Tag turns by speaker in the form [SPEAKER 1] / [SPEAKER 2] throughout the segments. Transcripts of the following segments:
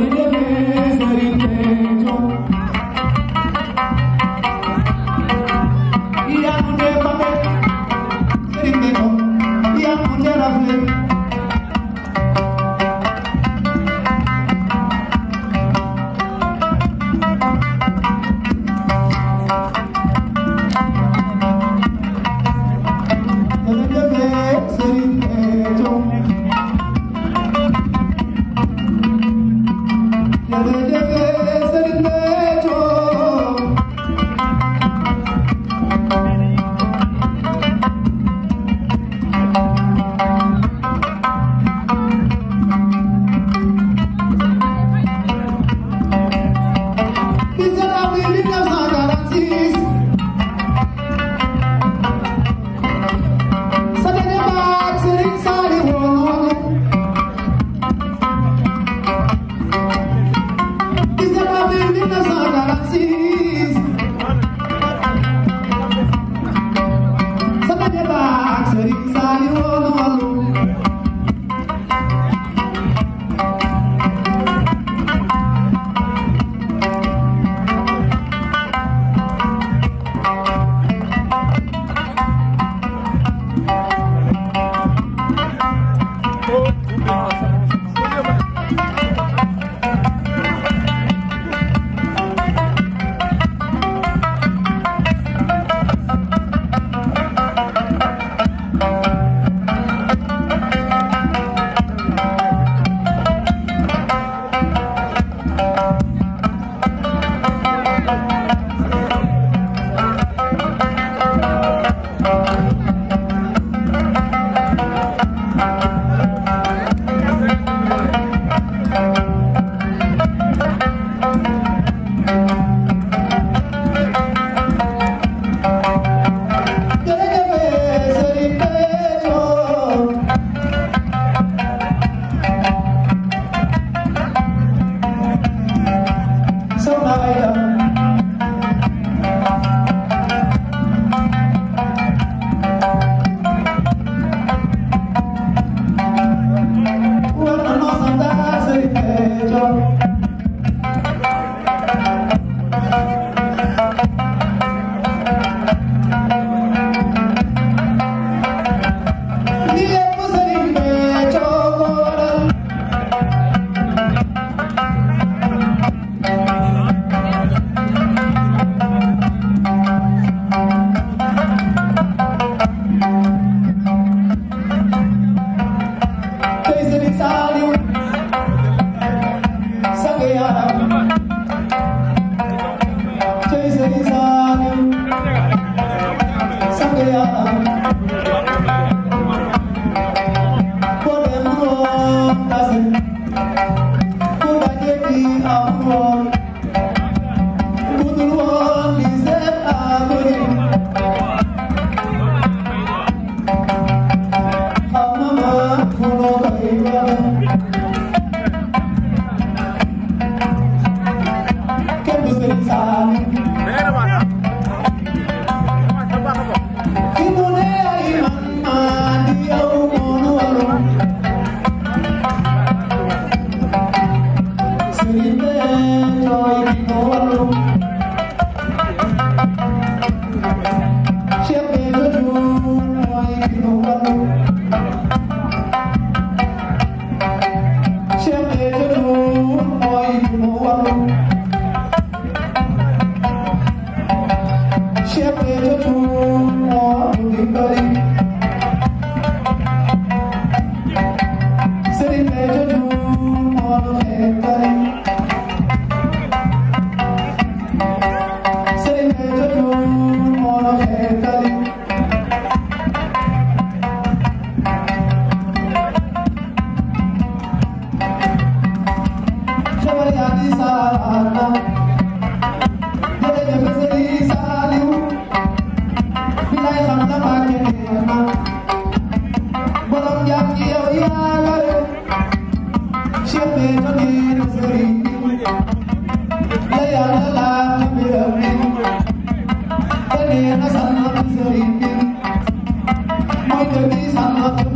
[SPEAKER 1] Thank you. Gracias.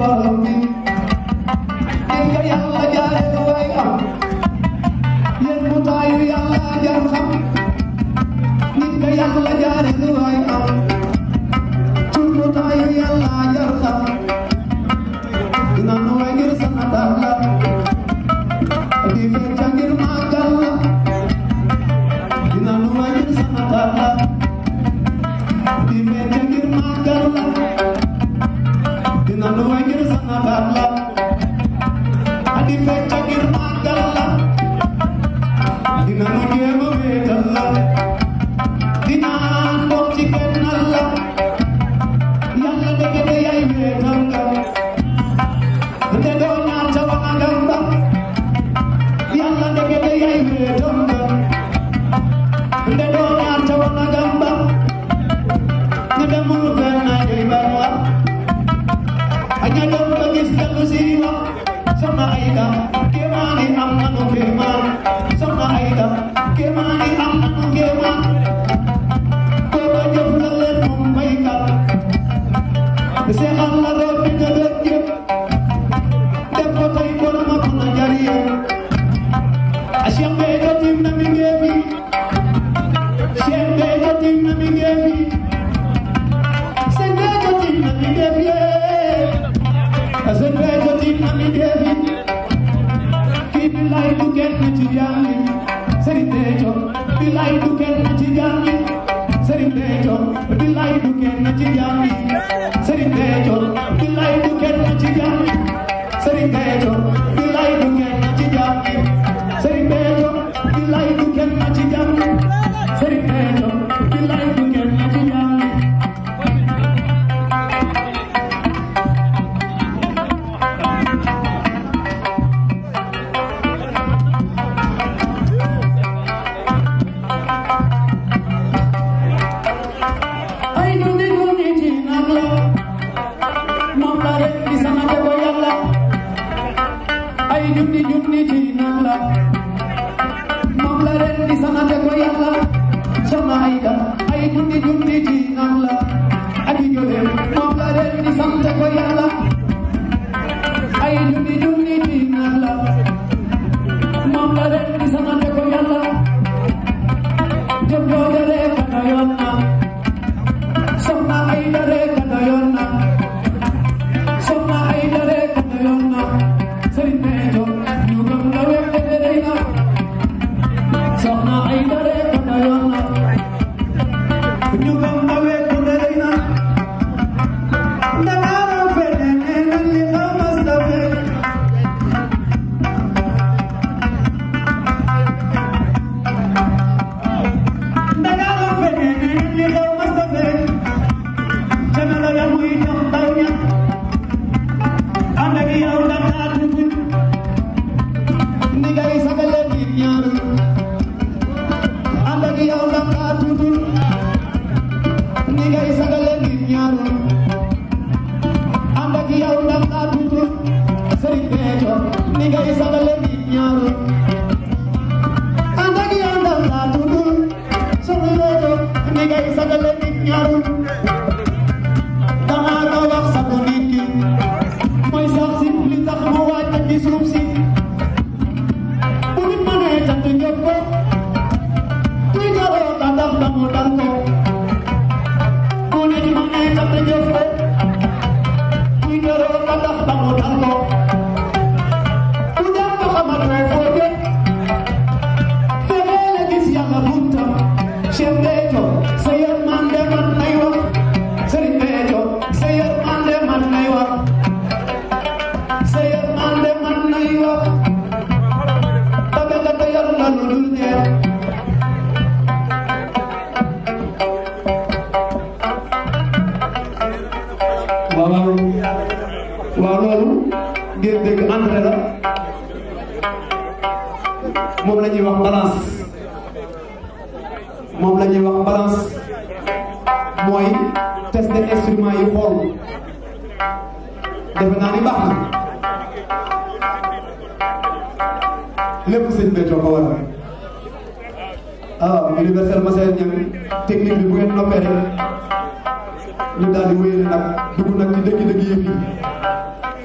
[SPEAKER 1] above me. soxna Aida kéemaani am na nu kéemaan soxna Aida kéemaani am junni junni diinam la moom la ren di sanante ko yàlla soxna Aida ay junni junni diinam la aji jode moom la ren di sante ko yàlla ay junni junni diinam la moom la ren moom la ñuy wax balance moom la wax balance mooy test de instrument yi xool defe naa ni baax lépp sëñ Béthio ko war ah universel Massaër Ndiaye technique bi bu ngeen rek ñu daal di wéyale nag dugg nag ci dëgg-dëgg yëf yi